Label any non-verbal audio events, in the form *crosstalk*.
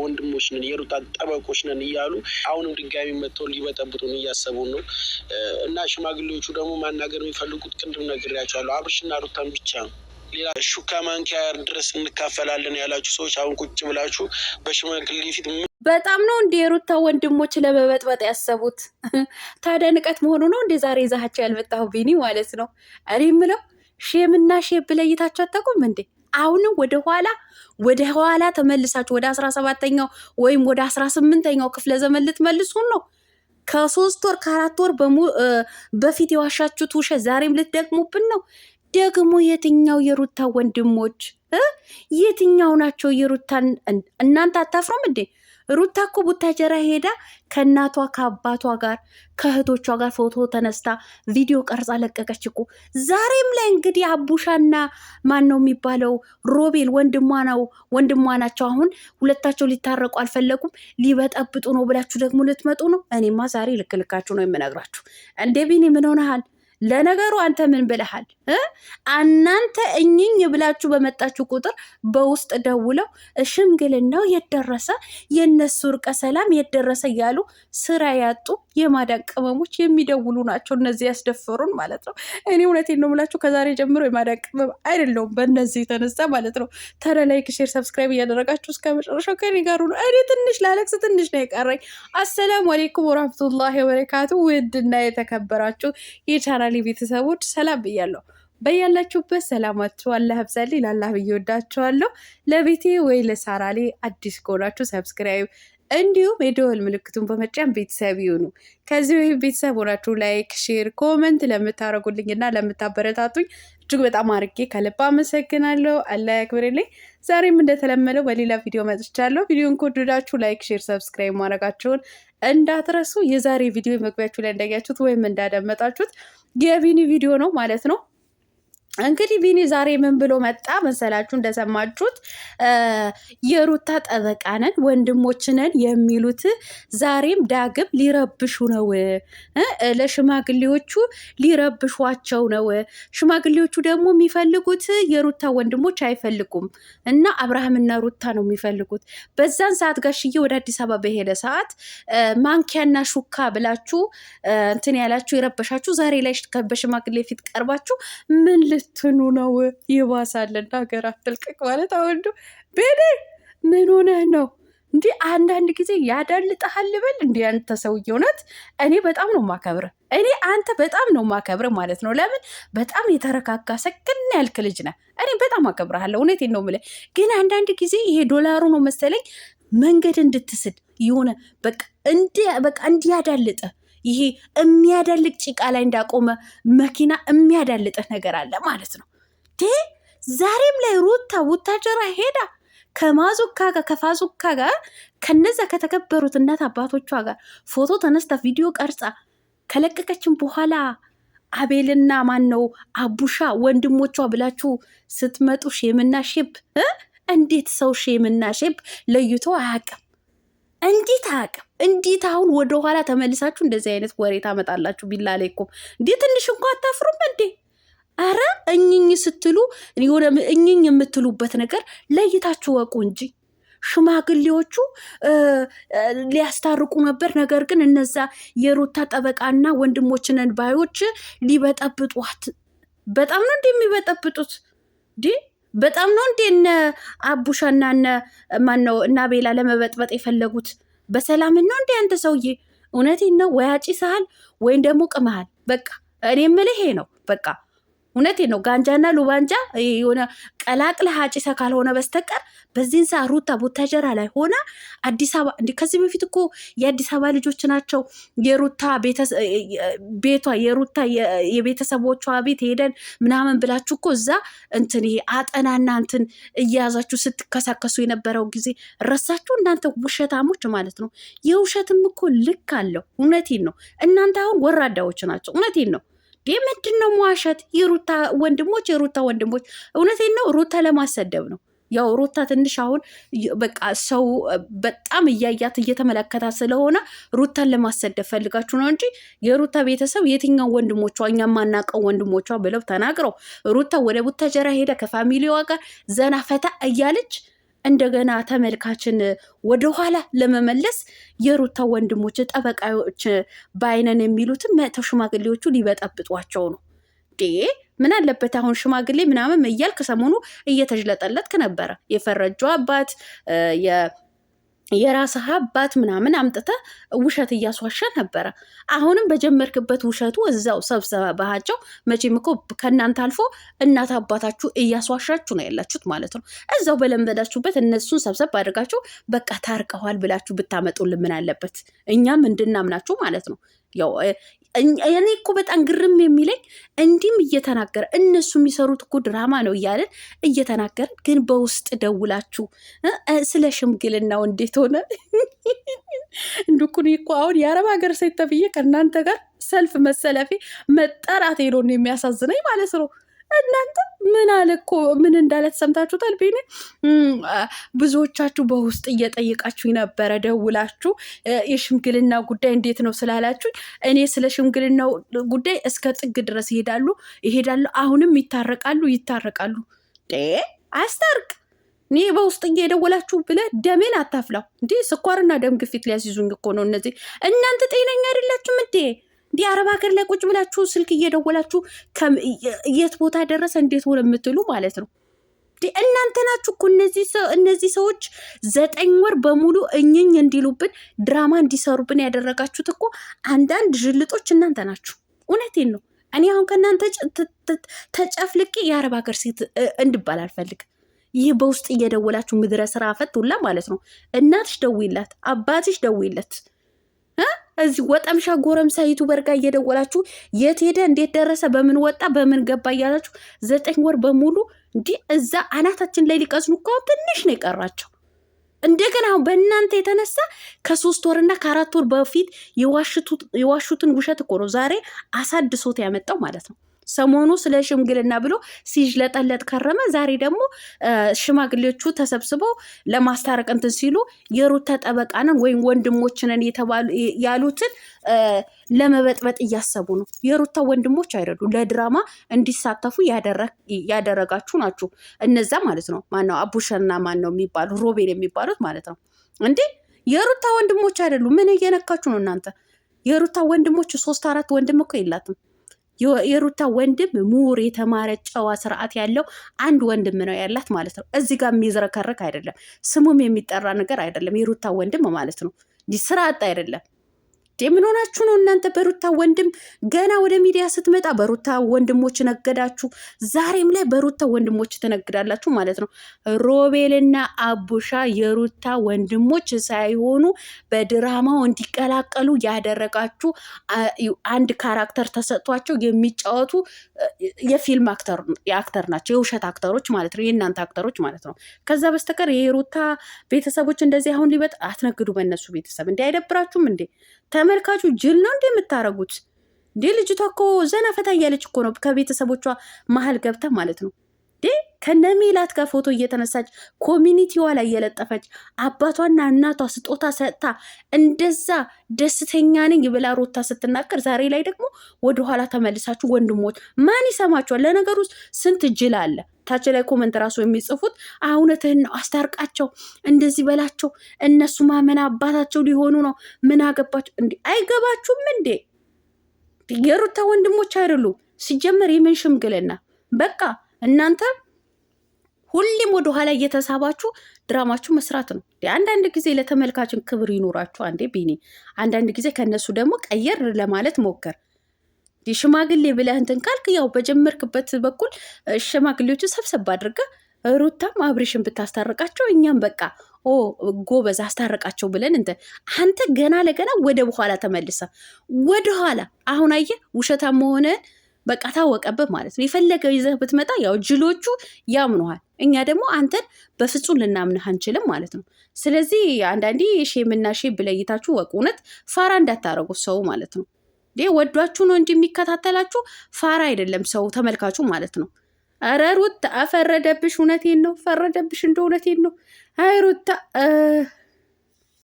ወንድሞች ነን፣ የሩጣ ጠበቆች ነን እያሉ አሁንም ድጋሚ መጥተው ሊበጠብጡን እያሰቡ ነው። እና ሽማግሌዎቹ ደግሞ ማናገር የሚፈልጉት ቅድም ነግሬያቸዋለሁ፣ አብርሽና ሩታን ብቻ ነው። ሌላ ሹካ ማንኪያ ድረስ እንካፈላለን ያላችሁ ሰዎች አሁን ቁጭ ብላችሁ በሽማግሌ ፊት በጣም ነው እንዲ የሩታ ወንድሞች ለመበጥበጥ ያሰቡት። *laughs* ታዲያ ንቀት መሆኑ ነው እንዴ? ዛሬ ይዛሃቸው ያልመጣሁ ቢኒ ማለት ነው። እኔ የምለው ሼምና ሼብ ለይታቸው አታውቁም እንዴ? አሁንም ወደ ኋላ ወደ ኋላ ተመልሳችሁ ወደ አስራ ሰባተኛው ወይም ወደ አስራ ስምንተኛው ክፍለ ዘመን ልትመልሱን ነው። ከሶስት ወር ከአራት ወር በፊት የዋሻችሁት ውሸት ዛሬም ልትደግሙብን ነው። ደግሞ የትኛው የሩታ ወንድሞች የትኛው ናቸው? የሩታን እናንተ አታፍሩም እንዴ? ሩታ እኮ ቡታጀራ ሄዳ ከእናቷ ከአባቷ ጋር ከእህቶቿ ጋር ፎቶ ተነስታ ቪዲዮ ቀርጻ ለቀቀች እኮ። ዛሬም ላይ እንግዲህ አቡሻና ማን ነው የሚባለው ሮቤል ወንድሟ ነው ወንድሟ ናቸው። አሁን ሁለታቸው ሊታረቁ አልፈለጉም። ሊበጠብጡ ነው ብላችሁ ደግሞ ልትመጡ ነው። እኔማ ዛሬ ልክልካችሁ ነው የምነግራችሁ። እንደ ቢኒ ምን ሆነሃል? ለነገሩ አንተ ምን ብለሃል? እናንተ እኝኝ ብላችሁ በመጣችሁ ቁጥር በውስጥ ደውለው ሽምግልናው የደረሰ የነሱ እርቀ ሰላም የደረሰ እያሉ ስራ ያጡ የማዳን ቅመሞች የሚደውሉ ናቸው። እነዚህ ያስደፈሩን ማለት ነው። እኔ እውነቴን ነው የምላችሁ ከዛሬ ጀምሮ የማዳን ቅመም አይደለውም። በእነዚህ የተነሳ ማለት ነው። ተረ ላይክ፣ ሼር፣ ሰብስክራይብ እያደረጋችሁ እስከ መጨረሻው ከኔ ጋር ነው። እኔ ትንሽ ላለቅስ ትንሽ ነው የቀረኝ። አሰላሙ አሌይኩም ወራህመቱላሂ ወበረካቱ። ውድና የተከበራችሁ የቻናል ቻናል ቤተሰቦች ሰላም ብያለሁ። በያላችሁበት ሰላማችሁ አላህ ብዛልኝ። ላላህ ብዬ ወዳችኋለሁ። ለቤቴ ወይ ለሳራሌ አዲስ ከሆናችሁ ሰብስክራይብ እንዲሁም የደወል ምልክቱን በመጫን ቤተሰብ ይሁኑ። ከዚህ ወይም ቤተሰብ ሆናችሁ ላይክ፣ ሼር፣ ኮመንት ለምታደርጉልኝ እና ለምታበረታቱኝ እጅግ በጣም አድርጌ ከልብ አመሰግናለሁ። አላህ ያክብርልኝ። ዛሬም እንደተለመደው በሌላ ቪዲዮ መጥቻለሁ። ቪዲዮን ከወደዳችሁ ላይክ፣ ሼር፣ ሰብስክራይብ ማድረጋችሁን እንዳትረሱ። የዛሬ ቪዲዮ መግቢያችሁ ላይ እንዳያችሁት ወይም እንዳደመጣችሁት የቢኒ ቪዲዮ ነው ማለት ነው። እንግዲህ ቢኒ ዛሬ ምን ብሎ መጣ መሰላችሁ? እንደሰማችሁት የሩታ ጠበቃ ነን ወንድሞች ነን የሚሉት ዛሬም ዳግም ሊረብሹ ነው፣ ለሽማግሌዎቹ ሊረብሿቸው ነው። ሽማግሌዎቹ ደግሞ የሚፈልጉት የሩታ ወንድሞች አይፈልጉም እና አብርሃምና ሩታ ነው የሚፈልጉት። በዛን ሰዓት ጋሽዬ ወደ አዲስ አበባ በሄደ ሰዓት ማንኪያና ሹካ ብላችሁ እንትን ያላችሁ የረበሻችሁ ዛሬ ላይ በሽማግሌ ፊት ቀርባችሁ ምን ልትኑ ነው ይባሳለን ሀገር አትልቀቅ ማለት አሁን ቤኔ ምን ሆነህ ነው እንዲህ አንዳንድ ጊዜ ያዳልጠሃል ልበል እንዲህ አንተ ሰውዬ እውነት እኔ በጣም ነው ማከብር፣ እኔ አንተ በጣም ነው ማከብር ማለት ነው ለምን በጣም የተረጋጋ ሰክን ያልክ ልጅ ነህ እኔ በጣም አከብርሃለሁ እውነቴን ነው የምልህ ግን አንዳንድ ጊዜ ይሄ ዶላሩ ነው መሰለኝ መንገድ እንድትስድ የሆነ በቃ እንዲያዳልጥህ ይሄ የሚያዳልቅ ጭቃ ላይ እንዳቆመ መኪና የሚያዳልጥህ ነገር አለ ማለት ነው። ዛሬም ላይ ሩታ ውታጀራ ሄዳ ከማዙካ ጋር ከፋዙካ ጋር ከነዛ ከተከበሩት እናት አባቶቿ ጋር ፎቶ ተነስታ ቪዲዮ ቀርጻ ከለቀቀችን በኋላ አቤልና ማን ነው አቡሻ ወንድሞቿ ብላችሁ ስትመጡ ሼምና ሼብ እንዴት ሰው ሼምና ሼብ ለይቶ አያውቅም? እንዴት አያውቅም? እንዴት አሁን ወደኋላ ተመልሳችሁ እንደዚህ አይነት ወሬ ታመጣላችሁ? ቢላ ላይኮ እንዴ ትንሽ እንኳ አታፍሩም እንዴ? አረ እኝኝ ስትሉ የሆነ እኝኝ የምትሉበት ነገር ለይታችሁ ወቁ እንጂ ሽማግሌዎቹ ሊያስታርቁ ነበር። ነገር ግን እነዛ የሩታ ጠበቃና ወንድሞችነን ባዮች ሊበጠብጧት በጣም ነው የሚበጠብጡት እንዴ በጣም ነው እንዴ እነ አቡሻና እና ማን ነው እና ቤላ ለመበጥበጥ የፈለጉት? በሰላም ነው እንዴ? አንተ ሰውዬ እውነቴን ነው ወይ አጭሰሃል ወይም ደግሞ ቅመሃል። በቃ እኔ የምልህ ነው በቃ እውነቴ ነው። ጋንጃና ሉባንጃ የሆነ ቀላቅለህ ሀጭሰ ካልሆነ በስተቀር በዚህን ሰዓት ሩታ ቦታጀራ ላይ ሆና አዲስ አበባ እንዲ ከዚህ በፊት እኮ የአዲስ አበባ ልጆች ናቸው የሩታ ቤቷ የሩታ የቤተሰቦቿ ቤት ሄደን ምናምን ብላችሁ እኮ እዛ እንትን ይሄ አጠናና እንትን እያያዛችሁ ስትከሳከሱ የነበረው ጊዜ ረሳችሁ እናንተ ውሸታሞች ማለት ነው። የውሸትም እኮ ልክ አለው። እውነቴን ነው። እናንተ አሁን ወራዳዎች ናቸው። እውነቴን ነው። ምንድን ነው መዋሸት? የሩታ ወንድሞች የሩታ ወንድሞች እውነቴን ነው ሩታ ለማሰደብ ነው። ያው ሩታ ትንሽ አሁን በቃ ሰው በጣም እያያት እየተመለከታት ስለሆነ ሩታን ለማሰደብ ፈልጋችሁ ነው እንጂ የሩታ ቤተሰብ የትኛው ወንድሞቿ እኛ ማናቀው ወንድሞቿ ብለው ተናግረው ሩታ ወደ ቡታጀራ ሄዳ ከፋሚሊዋ ጋር ዘና ፈታ እያለች እንደገና ተመልካችን ወደኋላ ለመመለስ የሩታ ወንድሞች ጠበቃዎች በአይነን የሚሉትን መተው ሽማግሌዎቹ ሊበጠብጧቸው ነው። ምን አለበት አሁን ሽማግሌ ምናምን እያልክ ሰሞኑ እየተጅለጠለጥክ ነበረ የፈረጁ አባት የራስህ አባት ምናምን አምጥተ ውሸት እያስዋሻ ነበረ። አሁንም በጀመርክበት ውሸቱ እዛው ሰብሰበ ባሃቸው። መቼም እኮ ከእናንተ አልፎ እናት አባታችሁ እያስዋሻችሁ ነው ያላችሁት ማለት ነው። እዛው በለመዳችሁበት እነሱን ሰብሰብ አድርጋችሁ በቃ ታርቀዋል ብላችሁ ብታመጡልን ምን አለበት? እኛም እንድናምናችሁ ማለት ነው። ያው እኔ እኮ በጣም ግርም የሚለኝ እንዲህም እየተናገረ እነሱ የሚሰሩት እኮ ድራማ ነው እያለን እየተናገረ ግን በውስጥ ደውላችሁ ስለ ሽምግልናው እንዴት ሆነ እንድኩን እኮ አሁን የአረብ ሀገር ሴት ተብዬ ከእናንተ ጋር ሰልፍ መሰለፌ መጠራት ነው የሚያሳዝነኝ ማለት ነው። እናንተ ምን አለ እኮ ምን እንዳለ ተሰምታችሁታል። ቤኔ ብዙዎቻችሁ በውስጥ እየጠየቃችሁ ነበረ ደውላችሁ የሽምግልና ጉዳይ እንዴት ነው ስላላችሁኝ፣ እኔ ስለ ሽምግልናው ጉዳይ እስከ ጥግ ድረስ ይሄዳሉ ይሄዳሉ፣ አሁንም ይታረቃሉ ይታረቃሉ። አስታርቅ እኔ በውስጥ እየደወላችሁ ብለ ደሜን አታፍላው እንዴ! ስኳርና ደም ግፊት ሊያስይዙኝ እኮ ነው እነዚህ። እናንተ ጤነኛ አይደላችሁም እንዴ? እንዲህ አረብ ሀገር ላይ ቁጭ ብላችሁ ስልክ እየደወላችሁ የት ቦታ ደረሰ እንዴት ሆነ የምትሉ ማለት ነው። እናንተ ናችሁ እኮ እነዚህ ሰዎች ዘጠኝ ወር በሙሉ እኝኝ እንዲሉብን ድራማ እንዲሰሩብን ያደረጋችሁት እኮ አንዳንድ ዥልጦች እናንተ ናችሁ። እውነቴን ነው። እኔ አሁን ከእናንተ ተጨፍልቄ የአረብ ሀገር ሴት እንድባል አልፈልግ ይህ በውስጥ እየደወላችሁ ምድረ ስራ ፈት ሁላ ማለት ነው። እናትሽ ደውይላት፣ አባትሽ ደውይለት እዚህ ወጠምሻ ጎረምሳ ዩቱበር ጋር እየደወላችሁ የት ሄደ፣ እንዴት ደረሰ፣ በምን ወጣ፣ በምን ገባ እያላችሁ ዘጠኝ ወር በሙሉ እንዲህ እዛ አናታችን ላይ ሊቀስኑ እኮ ትንሽ ነው የቀራቸው። እንደገና አሁን በእናንተ የተነሳ ከሶስት ወርና ከአራት ወር በፊት የዋሹትን ውሸት እኮ ነው ዛሬ አሳድሶት ያመጣው ማለት ነው። ሰሞኑ ስለ ሽምግልና ብሎ ለጠለጥ ከረመ። ዛሬ ደግሞ ሽማግሌዎቹ ተሰብስበው ለማስታረቅ እንትን ሲሉ የሩታ ጠበቃንን ወይም ወንድሞችንን ያሉትን ለመበጥበጥ እያሰቡ ነው። የሩታ ወንድሞች አይደሉ፣ ለድራማ እንዲሳተፉ ያደረጋችሁ ናችሁ። እነዛ ማለት ነው ማነው አቡሸና ማን ነው የሚባሉ ሮቤል የሚባሉት ማለት ነው እንዴ የሩታ ወንድሞች አይደሉ። ምን እየነካችሁ ነው እናንተ? የሩታ ወንድሞች ሶስት አራት ወንድም እኮ የላትም። የሩታ ወንድም ምሁር የተማረ ጨዋ ስርዓት ያለው አንድ ወንድም ነው ያላት ማለት ነው። እዚህ ጋር የሚዝረከረክ አይደለም፣ ስሙም የሚጠራ ነገር አይደለም። የሩታ ወንድም ማለት ነው። ስራ አጥ አይደለም። የምን ሆናችሁ ነው እናንተ? በሩታ ወንድም ገና ወደ ሚዲያ ስትመጣ በሩታ ወንድሞች ነገዳችሁ። ዛሬም ላይ በሩታ ወንድሞች ትነግዳላችሁ ማለት ነው። ሮቤልና አቡሻ የሩታ ወንድሞች ሳይሆኑ በድራማው እንዲቀላቀሉ ያደረጋችሁ አንድ ካራክተር ተሰጥቷቸው የሚጫወቱ የፊልም አክተር ናቸው፣ የውሸት አክተሮች ማለት ነው፣ የእናንተ አክተሮች ማለት ነው። ከዛ በስተቀር የሩታ ቤተሰቦች እንደዚህ አሁን ሊበጥ አትነግዱ። በእነሱ ቤተሰብ እንዲ አይደብራችሁም እንዴ? ተመልካቹ ጅል ነው እንዴ የምታረጉት? እንዴ ልጅቷ እኮ ዘና ፈታ እያለች እኮ ነው ከቤተሰቦቿ መሀል ገብተ ማለት ነው። ከነሜላት ጋር ፎቶ እየተነሳች ኮሚኒቲዋ ላይ እየለጠፈች አባቷና እናቷ ስጦታ ሰጥታ እንደዛ ደስተኛ ነኝ ብላ ሮታ ስትናገር፣ ዛሬ ላይ ደግሞ ወደኋላ ተመልሳችሁ ወንድሞች ማን ይሰማችኋል? ለነገሩ ስንት ጅል አለ። ታች ላይ ኮመንት ራሱ የሚጽፉት እውነትህን ነው፣ አስታርቃቸው፣ እንደዚህ በላቸው፣ እነሱ ማመና አባታቸው ሊሆኑ ነው። ምን አገባቸው እንዴ? አይገባችሁም እንዴ? የሩታ ወንድሞች አይደሉም ሲጀመር። የምን ሽምግልና በቃ እናንተ ሁሌም ወደ ኋላ እየተሳባችሁ ድራማችሁ መስራት ነው። አንዳንድ ጊዜ ለተመልካችን ክብር ይኖራችሁ አንዴ ቢኒ፣ አንዳንድ ጊዜ ከእነሱ ደግሞ ቀየር ለማለት ሞከር። ሽማግሌ ብለህ እንትን ካልክ ያው በጀመርክበት በኩል ሽማግሌዎችን ሰብሰብ አድርገህ ሩታም አብሬሽን ብታስታርቃቸው እኛም በቃ ኦ ጎበዝ አስታርቃቸው ብለን እንትን አንተ ገና ለገና ወደ በኋላ ተመልሰ ወደኋላ አሁን አየህ ውሸታም መሆንህን በቃ ታወቀበት ማለት ነው። የፈለገው ይዘህ ብትመጣ ያው ጅሎቹ ያምኑሃል። እኛ ደግሞ አንተን በፍጹም ልናምንህ አንችልም ማለት ነው። ስለዚህ አንዳንዴ ሼምና ሼም ብለይታችሁ ወቁ። እውነት ፋራ እንዳታረጉ ሰው ማለት ነው። ወዷችሁ ነው እንጂ የሚከታተላችሁ ፋራ አይደለም ሰው ተመልካቹ ማለት ነው። ኧረ ሩታ ፈረደብሽ። እውነቴን ነው፣ ፈረደብሽ። እንደ እውነቴን ነው። አይ ሩታ